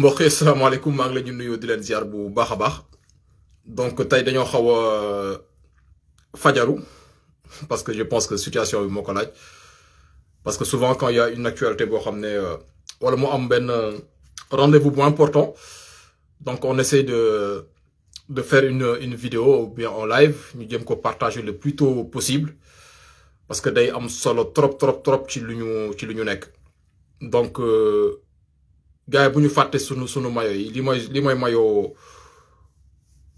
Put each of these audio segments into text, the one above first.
Bonjour, yi asalaamaaleykum ma ngi leen di de di leen ziar bu baax a donc tey dañoo xaw euh, fajaru parce que je pense que situation est moo parce que souvent quand il y a une actualité boo ramener ne euh, wala mu am euh, rendez-vous moins important donc on essaie de de faire une une vidéo ou bien en live nous jëm ko partager le plus tôt possible parce que day am solo trop trop trop ci lu ñu ci lu donc gars yi bu ñu fàtte sunu sunu mayo yi li mooy li mooy mayo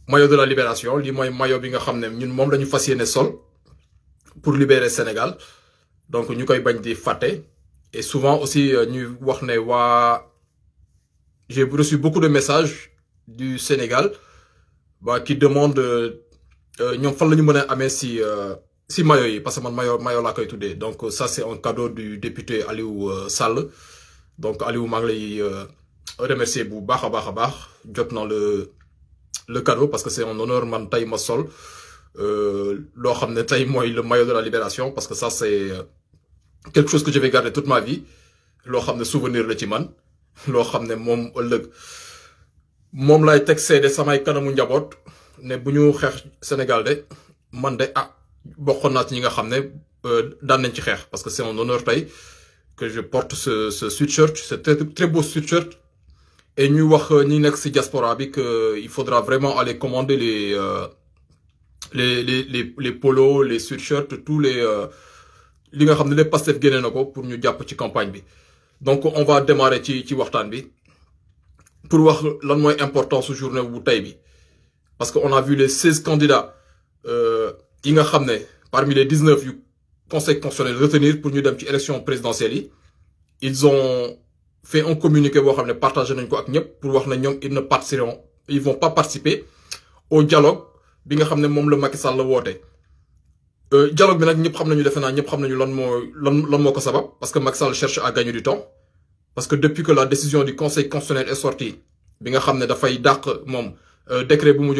mayo de la libération li mooy mayo bi nga xam nous ñun nous lañu fas yéene sol pour libérer Sénégal donc quand ils bañ di fàtte et souvent aussi nous euh, wax ne j'ai reçu beaucoup de messages du Sénégal ba qui demande euh, ñoom fan la ñu mën à merci euh, si maillot, mayo yi parce que man mayo mayo laa koy donc ça c'est un cadeau du député Aliou Sall donc Aliou maa ngi remerciez euh, remercier bu baax a baax le le cadeau parce que c'est un honneur man tey ma sol euh, loo xam le maillot de la libération parce que ça c'est euh, quelque chose que je vais garder toute ma vie loo xam souvenir la ci man loo xam ne moom ëllëg moom lay teg seede samay kanamu njaboot ne bu ñu xeex Sénégal de man de ah bokkoon naa ci ñi nga xam ne daan nañ ci parce que c'est un honneur tey que je porte ce sweatshirt C'est très très beau sweatshirt et nous wax euh, ñi nekk diaspora euh, il faudra vraiment aller commander euh, les les les les polos les sweatshirts tous les li nga xam les lépp pour nous jàpp ci campagne donc on va démarrer ci ci pour voir lan importante importance jour journée parce qu'on a vu les 16 candidats yi nga parmi les 19 conseil constitutionnel retenir pour ñu dem ci élection présidentielle ils ont fait un communiqué pour xam partager partagé nañ ko ak pour wax na ils ne participeront ils vont pas participer au dialogue bien nga xam le moom Macky Sall la euh, dialogue bi nag ñëpp de nañu defe naa ñëpp xam nañu lan va lan parce que Macky Sall cherche à gagner du temps parce que depuis que la décision du conseil constitutionnel est sortie bien nga xam ne dafay dàq moom euh, décret bu mu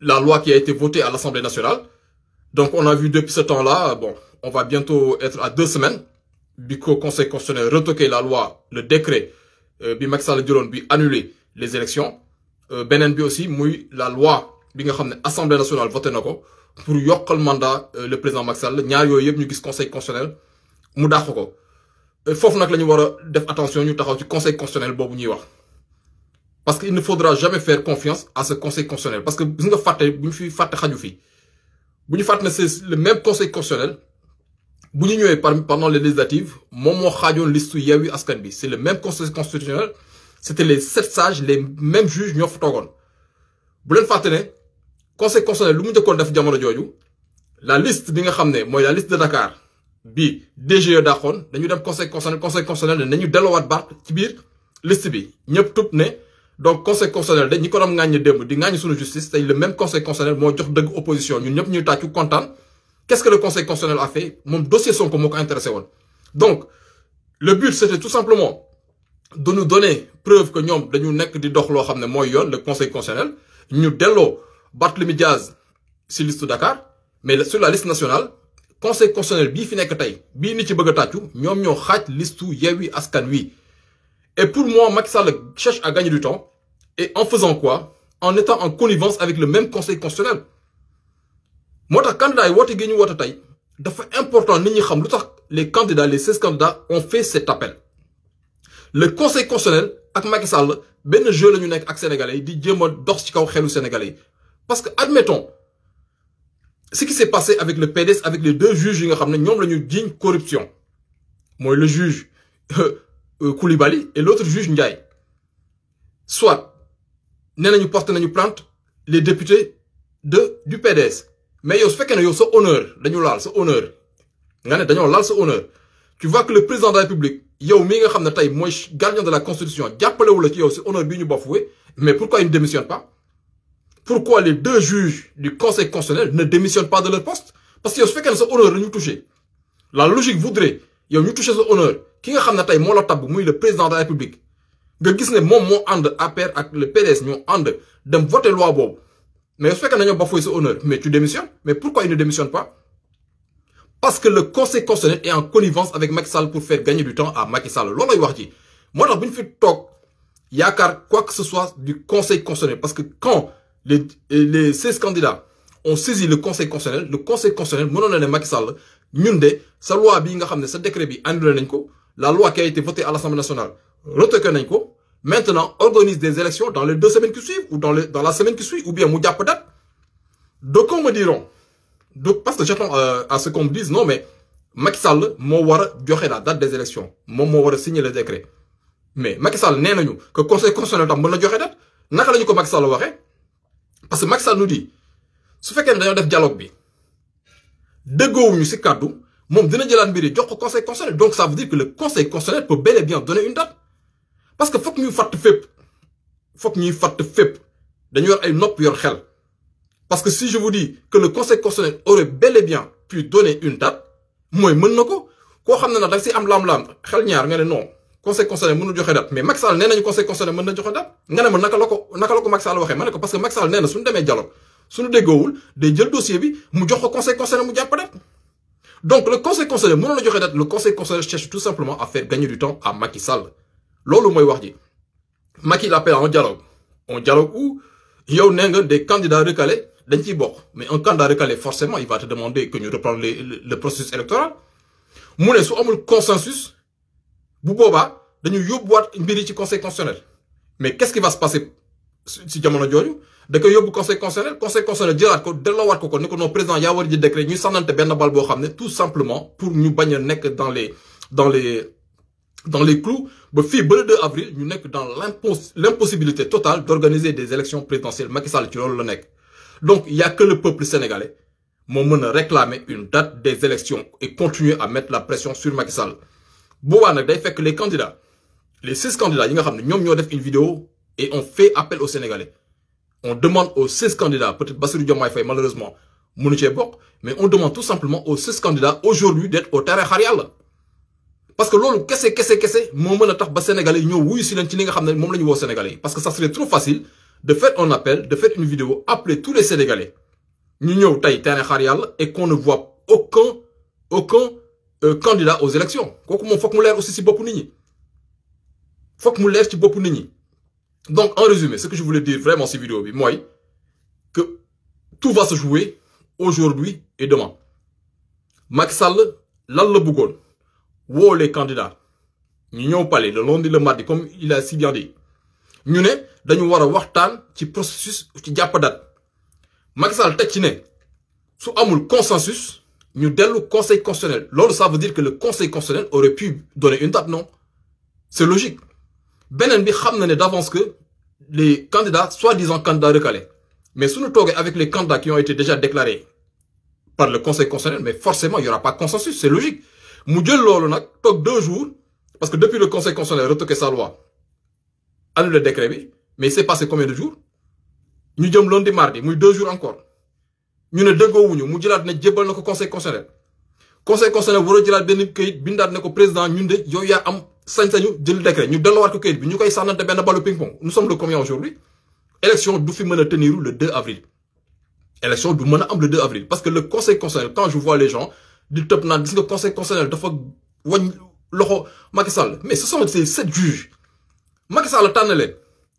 la loi qui a été votée à l'Assemblée nationale. Donc on a vu depuis ce temps-là, bon, on va bientôt être à deux semaines bi conseil constitutionnel retoqué la loi le décret euh, bi Maxal Sall bi annulé les élections euh, Benen bi aussi la loi bi assemblée nationale voté n'ako pour pour le mandat euh, le président Maxal Sall ñaar yooyu ñu gis conseil constitutionnel mu dàq ko foofu nag la def attention ñu taxaw du conseil constitutionnel bobu ñuy parce qu'il ne faudra jamais faire confiance à ce conseil constitutionnel parce que gis nga fàtte bu fi fàtte c'est le même conseil constitutionnel bu ñu pendant les législatives Momo moo liste listu Yewwi Askan bi c'est le même conseil constitutionnel c'était les sept sages les mêmes juges ñoo fa toogoon bu conseil constitutionnel lu mu njëkkoon def jamono la liste bi nga xam la liste de Dakar bi DGE Nous dañu dem conseil constitutionnel conseil constitutionnel ne nañu delluwaat baat ci biir liste bi ñëpp tub ne donc conseil constitutionnel dañ ñi ko doon di justice C'est le même conseil constitutionnel moo jox dëgg opposition ñun ñëpp ñuy tàccu qu'est-ce que le conseil constitutionnel a fait Mon dossier Sonko moo ko intéressé donc le but c'était tout simplement de nous donner preuve que ñoom dañu nekk di dox loo xam ne mooy le conseil constitutionnel ñu delloo Barthélémy Diaz si liste Dakar mais sur la liste nationale conseil constitutionnel bi fi nekk tey bii ni ci bëgg a tàccu ñoo listu Askan Wi et pour moi Macky Sall cherche à gagner du temps et en faisant quoi En étant en connivence avec le même conseil constitutionnel. Moi, ta candidat yi woote gi ñu woote tey dafa important nit ñi xam les candidats les 16 candidats ont fait cet appel le conseil constitutionnel avec Macky Sall ben jeu la ñu nekk ak sénégalais dit di jéem dox sénégalais parce que admettons ce qui s'est passé avec le PDS avec les deux juges yi nga xam ne corruption Moi, le juge euh, Koulibaly et l'autre juge Ndiaye soit nous avons porte nañu plainte les députés de du PDS mais ils y fait ne honneur dañu laal honneur nga honneur tu vois que le président de la République il y nga un gardien de la constitution il la ci un honneur de ñu bafoué mais pourquoi il ne démissionne pas pourquoi les deux juges du conseil constitutionnel ne démissionnent pas de leur poste parce qu'ils ont fait fekkee honneur de nous toucher. la logique voudrait il nous touché son honneur Qui nga xam la le président de la République nga gis ne moom moo ànd APR ak le PDS ñu ànd dem voter loi Bob mais su fekkee nañoo bafoué sa honneur mais tu démissionnes mais pourquoi il ne démissionne pas parce que le conseil constitutionnel est en connivence avec Macky Sall pour faire gagner du temps à Macky Sall loolay wax ci motax buñ fi tok yakar quoi que ce soit du conseil constitutionnel parce que quand les les seize candidats ont saisi le conseil constitutionnel le conseil constitutionnel mënoon na Macky Sall ñun dé sa loi bi nga xamné sa décret bi nañ ko la loi qui a été votée à l'Assemblée nationale maintenant organise des élections dans les deux semaines qui suivent ou dans le dans la semaine qui suit ou bien peut-être donc on me diront donc parce que j'attends euh, à ce qu'on me dise non mais Macky Sall moo war la date des élections moom moo signer le décret mais Macky Sall nee que conseil constitutionnel tam mën joxe date on la ñu ko Macky Sall waxee parce que Macky Sall nous dit su fekkee dañu def dialogue bi déggoowuñu ci kàddu mom dina jëlaat mbir jox ko conseil constitutionnel donc ça veut dire que le conseil constitutionnel peut bel et bien donner une date parce que foog ñuy fàtt fépp foog ñuy fàtt fépp dañu yor ay nopp yor xel parce que si je vous dis que le conseil constitutionnel aurait bel et bien pu donner une date moi mën na ko koo xam ne nag danga si am laam-laam xel ñaar nga ne non conseil constitutionnel mënul joxe date mais Maxal Sall nee nañu conseil constitutionnel mën na joxe date nga ne ma naka la ko naka la ko Macky Sall waxee ma ne ko parce que Macky Sall nee na suñu demee dialogue suñu déggoowul day jël dossier bi mu jox ko conseil constitutionnel mu jàpp date donc le conseil constitutionnel mënoon na joxe date le conseil constitutionnel cherche tout simplement à faire gagner du temps à Maxal. Sall loolu moy wax ji qui l'appelle en dialogue En dialogue où il y des candidats recalés dañ ci mais un candidat recalé forcément il va te demander que nous reprenions le processus électoral mu on su amul consensus bu va dañu nous mbir ci conseil constitutionnel mais qu'est-ce qui va se passer si jamono mon da koy yóbbu conseil constitutionnel conseil constitutionnel jëlaat ko delloowaat ko ko ni ko non président ya war di décret ñu sanante ben bal bo xamné tout simplement pour ñu baña a dans les dans les dans les clous le 2 avril nous sommes dans l'impossibilité totale d'organiser des élections présidentielles Macky Sall ci loolu la nekk donc il n'y a que le peuple sénégalais qui peut réclamer une date des élections et continuer à mettre la pression sur Macky Sall boobaa fait day que les candidats les six candidats yi nga fait une vidéo et on fait appel aux Sénégalais on demande aux six candidats peut-être Bassirou Diomaye Faye malheureusement mënu mais on demande tout simplement aux six candidats aujourd'hui d'être au terrain Harial parce que ce qu'est-ce qu'est-ce ce a tax ba sénégalais ñoo wuyu si leen ci li nga xam ne sont la sénégalais parce que ça serait trop facile de faire un appel de faire une vidéo appeler tous les sénégalais ñu ñëw tey terrain et qu'on ne voit aucun aucun euh, candidat aux élections Il mon que mu lève aussi si bopp nit ñi foog mu beaucoup ci nit ñi donc en résumé ce que je voulais dire vraiment cette vidéo bi que tout va se jouer aujourd'hui et demain Maxal Sall le la les candidats nous pas parlé le lundi le mardi comme il a si bien dit ñu un dañu qui n'a qui ci processus ci jàpp date Macky Sall teg le su amul consensus ñu le conseil constitutionnel Lorsque ça veut dire que le conseil constitutionnel aurait pu donner une date non c'est logique beneen bi xam d'avance que les candidats soi-disant candidats recalés mais nous toogee avec les candidats qui ont été déjà déclarés par le conseil constitutionnel mais forcément il n'y aura pas de consensus c'est logique mu jël loolu deux jours parce que depuis le conseil constitutionnel retoqué sa loi annulé décret bi mais s'est passé combien de jours ñu jëm lundi mardi muy deux jours encore ñu ne déggoowuñu mu jëlaat ne jébbal na conseil constitutionnel conseil constitutionnel vous a jëlaat benn këyit bindaat ne président ñun de yow yaa am sañ-sañu jël décret ñu avons ko que nous ñu koy sànnante benn ping-pong nous sommes le combien aujourd'hui élection du fi mën tenir le 2 avril élection du mën am le 2 avril parce que le conseil constitutionnel quand je vois les gens du top nan, du nga conseil constitutionnel dafa wañ loxo Macky Sall mais ce sont ces sept juges Macky Sall tànn leen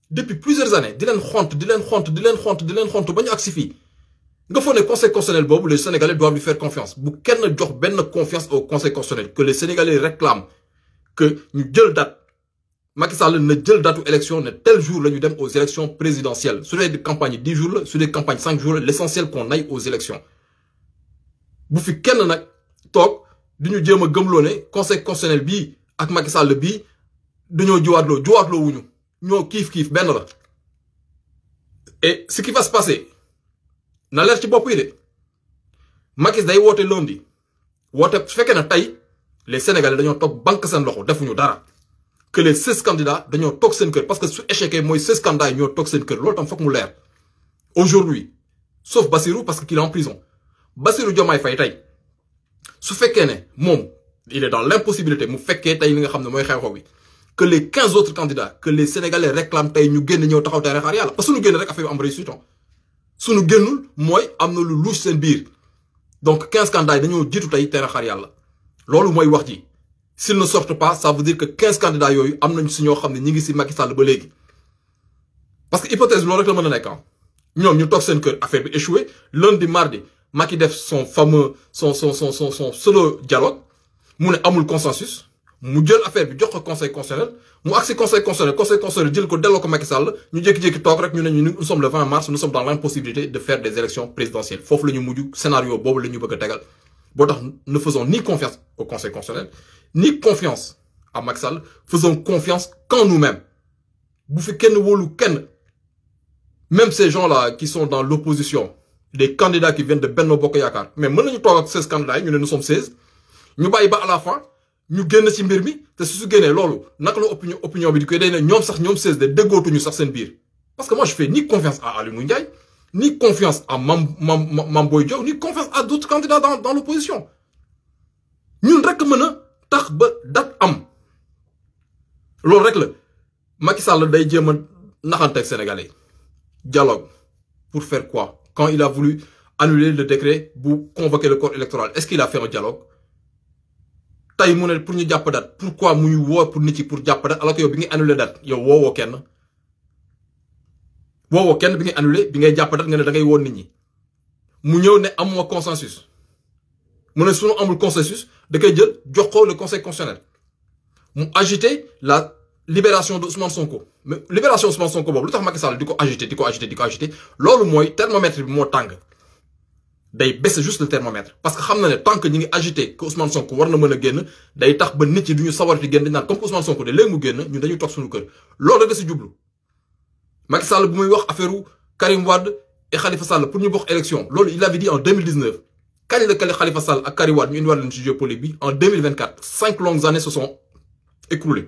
depuis plusieurs années di leen honte, di en honte, di leen honte, di en honte, ba ñu agsi fii nga foog conseil constitutionnel bob les sénégalais doivent lui faire confiance bu kenn jox ben confiance au conseil constitutionnel que les sénégalais réclament que ñu jël date Macky Sall na jël aux élections ne tel jour nous ñu dem aux élections présidentielles Sur les campagnes 10 jours sur les campagnes 5 jours l'essentiel qu'on aille aux élections bu fi kenn tok di ñu gëmlo né conseil constitutionnel bi ak Macky Sall bi dañoo jiwaatloo jiwaatloo wuñu ñoo kif kif ben la. et ce qui va se passer na leer ci bopp yi de Macky day woté lundi woté su na tay les sénégalais dañoo top banque s'en loxo defuñu dara. que les 16 candidats dañoo tok sen cœur parce que su échecé moy 16 candidats yi ñoo toog seen kër loolu tam foog mu leer aujourd'hui sauf Bassirou parce qu'il est en prison Bassirou Diomaye Faye tay su fekkee ne mon, il est dans l'impossibilité mu fait que li nga xam ne xew bi que les quinze autres candidats que les sénégalais réclament tey ñu génn ñëw taxaw parce que suñu gagnons rek affaire bi am Nous suñu moi, mooy am lu louche seen bir donc quinze candidats yi dañoo jiitu tey tey xaar yàlla loolu mooy wax ji s'ils ne sortent pas ça veut dire que quinze candidats yooyu am nañu si ñoo xam ne ñi ngi si Macky Sall ba parce que hypothèse bi loolu rek la mën a nekk ah. ñoom ñu toog affaire bi échoué lundi mardi Macky def son fameux son son son son solo dialogue mu ne amul consensus mu jël affaire bi jox ko conseil constitutionnel mu agsi conseil constitutionnel conseil constitutionnel jël ko delloo ko Macky Sall ñu jékki-jékki tok rek ñu nous sommes le 20 mars nous sommes dans l'impossibilité de faire des élections présidentielles foofu lañu muju scénario bobu lañu bëgg a bo tax ne faisons ni confiance au conseil constitutionnel ni confiance à Macky Sall faisons confiance qu'en nous-mêmes bu fi kenn wolu kenn même ces gens-là qui sont dans l'opposition des candidats qui viennent de Benno Bokk mais maintenant nous 16 candidats nous sommes 16 nous sommes à la fin Nous génn ci mbir nous sommes su su Nous loolu naka la opinion opinion bi nous nous, sax nous 16 de nous sax parce que moi je fais ni confiance à Ali Ndiaye ni confiance à Mam ni confiance à d'autres candidats dans dans l'opposition Nous, nous sommes nous tax ba am rek la day nous, sénégalais dialogue pour faire quoi quand il a voulu annuler le décret pour convoquer le corps électoral est-ce qu'il a fait un dialogue pour pourquoi pour pour alors que Il annulé date Il a annulé annulé date consensus consensus le conseil constitutionnel agité la libération d'Ousmane Sonko mais libération Ousmane Sonko bon l'autre tax Macky Sall di ko agité du coup agité du coup agité loolu mooy thermomètre bi moo tàng day baisse juste le thermomètre parce que xam na tant que ñi ngi agité que Ousmane Sonko war na mën d'ailleurs génn day tax ba nit yi du ñu comme que Ousmane Sonko de léegi mu génn ñun dañuy toog suñu kër loolu da si jublu Macky Sall bu muy wax affaire Karim Wade et Khalifa Sall pour ñu bokk élection loolu il avait dit en 2019 kañ la Khalifa Sall ak Karim Wade ñu indiwaat ci géopolitique bi en 2024 cinq longues années se sont écoulées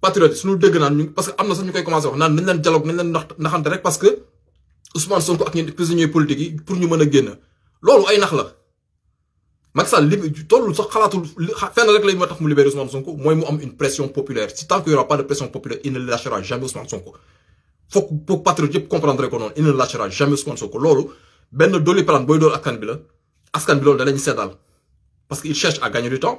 patriotes, nous dégg parce que am na koy commencé wax naan nañ leen dialogue nañ leen naxante rek parce que Ousmane Sonko ak ñeenti prisonniers politique yi pour ñu mener a génn ay nax la Macky Sall li tollul sax xalaatul fenn rek lay moo mu libérer Ousmane Sonko moi, mu am une pression populaire si tant qu'il y aura pas de pression populaire il ne lâchera jamais Ousmane Sonko Faut que patriote yëpp comprendre que non, il ne lâchera jamais Ousmane Sonko ben benn dolli palaan booy dool askan bi la askan bi loolu da lañu seetal parce que il cherche à gagner du temps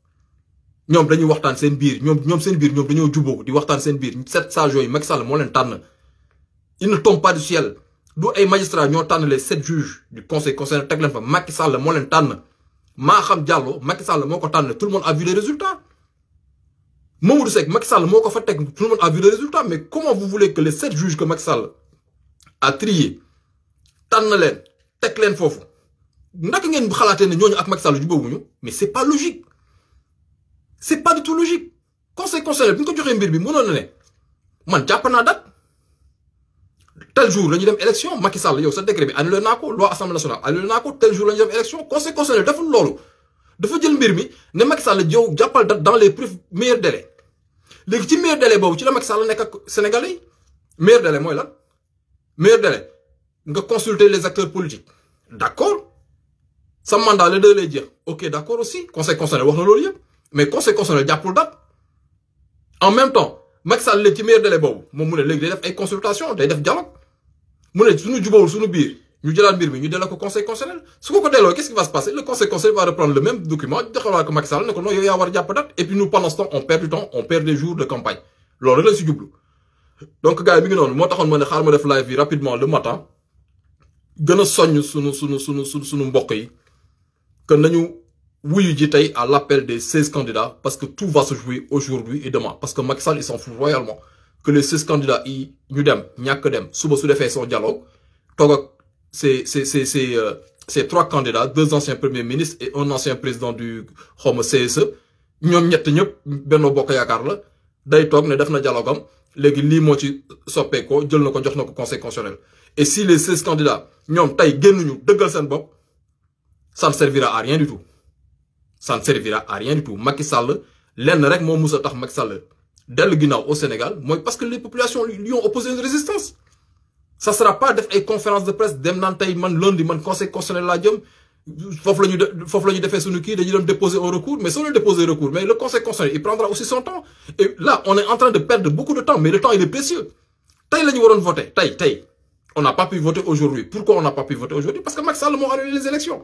ñom dañuy waxtaan seen biir ñom ñom seen biir ñom dañoo juboo di waxtaan seen biir sept sages Macky Sall mo leen tànn il ne tombe pas du ciel Do ay magistrats ñoo tànn les sept juges du conseil Conseil teg leen fa Macky Sall mo leen tànn ma xam Diallo Macky Sall moko ko tout le monde a vu les résultats Mamadou Seck Macky Sall moko fa teg tout le monde a vu les résultats mais comment vous voulez que les sept juges que Macky Sall a triés tànn leen teg leen fofu naka ngeen xalaté ne ñoo ak Macky Sall jubóowuñu mais c'est pas logique c'est pas du tout logique conseil conseil bi ko joxe mbir bi mënoon na né man japp na date tel jour la ñuy dem élection Macky Sall yow sa décret bi annulé naa ko loi assemblée nationale annulé naa ko tel jour la ñuy dem élection conseil conseil deful lolu dafa jël mbir mi né Macky Sall jow jappal date dans les plus meilleurs délais légui ci meilleur délai bobu ci la Macky Sall nek Sénégalais meilleur délai moy lan meilleur délai nga consulter les acteurs politiques d'accord sa mandat le délai jeex ok d'accord aussi conseil conseil wax na lolu yëpp mais constitutionnel jàppul date en même temps Macky Sall de ci meilleur délai boobu moom mu ne léegi day def ay consultation day def dialogue mu ne suñu nous suñu biir ñu jëlaat mbir mi ñu delloo ko conseil constitutionnel su ko ko delloo qu'est-ce qui va se passer le conseil constitutionnel va reprendre le même document de ko Max Sall ne ko non yow yaa war a date et puis nous pendant ce temps on perd du temps on perd des jours de campagne loolu rek la si donc gars yi mi ngi noonu moo taxoon ma ne xaar def live rapidement le matin gën a soññ suñu suñu suñu suñu mbokk yi que nañu oui, Yitaï à l'appel des 16 candidats parce que tout va se jouer aujourd'hui et demain. Parce que Macky Sall, il s'en fout royalement. Que les 16 candidats, ils, nous dem, que dem, souvent sous fait son dialogue. C'est, c'est, c'est, c'est, euh, ces trois candidats, deux anciens premiers ministres et un ancien président du Homo CSE, ils ñett ñëpp Benno Bokk Yaakaar la day toog dialogue Les léegi lii moo ci soppeekoo jël na jox conseil constitutionnel et si les 16 candidats ñoom tey génnuñu faire seen dialogue, ça ne servira à rien du tout ça ne servira à rien du tout Macky Sall l'un rek moo mus a tax Macky Sall au Sénégal parce que les populations lui ont opposé une résistance ça sera pas une conférence de presse Demain, naan man lundi man conseil constitutionnel faut la ñu de déposer un recours mais soo le déposer recours mais le conseil constitutionnel il prendra aussi son temps et là on est en train de perdre beaucoup de temps mais le temps il est précieux Taï la ñu voter taille, taille. on n'a pas pu voter aujourd'hui pourquoi on n'a pas pu voter aujourd'hui parce que Macky Sall a annulé les élections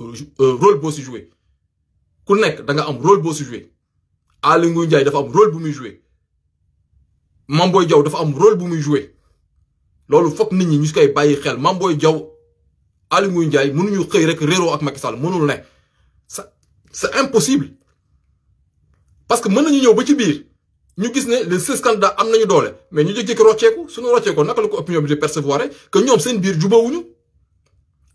Euh, euh, rôle beau si joué ku nekk da nga am rôle beau si joué ali Ngouille Ndiaye dafa am rôle bu muy joué mamboy Boye Diao dafa am rôle bu muy joué loolu fop nit ñi ñu koy bayyi xel mamboy Boye ali Aly Ngouille Ndiaye mënuñu rek réeroo ak Macky Sall mënul ne ça c'est impossible parce que mën ñu ñëw ba ci biir ñu gis ne les six candidats am nañu doole mais ñu jékki-jékki rocceeku suñu rocceeku naka la ko opinion bi di percevoir que ñoom seen biir jubawuñu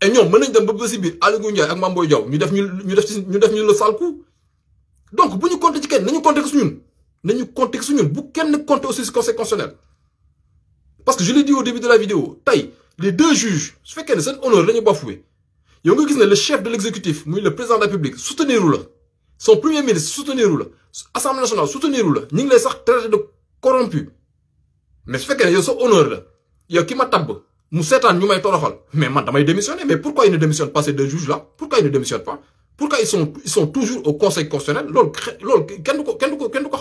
et nous, mën dem ba bëssi si biir nous ak Nous Boye Diao ñu def ñu def ñu def ñu le sale coup donc buñu ñu compter ci kenn nañu compter ko suñun nañu compter ko suñun bu kenn compter aussi si parce que je l'ai dit au début de la vidéo les deux juges su fekkee ne honneur la ñu bafoué yow nga gis né le chef de l'exécutif le président de la République soutenir son premier ministre soutenir L'Assemblée assemblée nationale soutenir roule. la ñu lay sax traité de corrompu mais su fekkee yow sa honneur la yow ki ma nous seetaan ñu may toroxal mais man damay démissionné. mais pourquoi il ne démissionne pas ces deux juges là pourquoi ils ne démissionnent pas pourquoi ils sont ils sont toujours au conseil constitutionnel ce du ko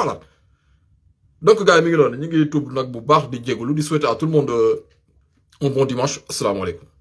donc gars yi mi ngi à tout le monde euh, un bon dimanche alaikum.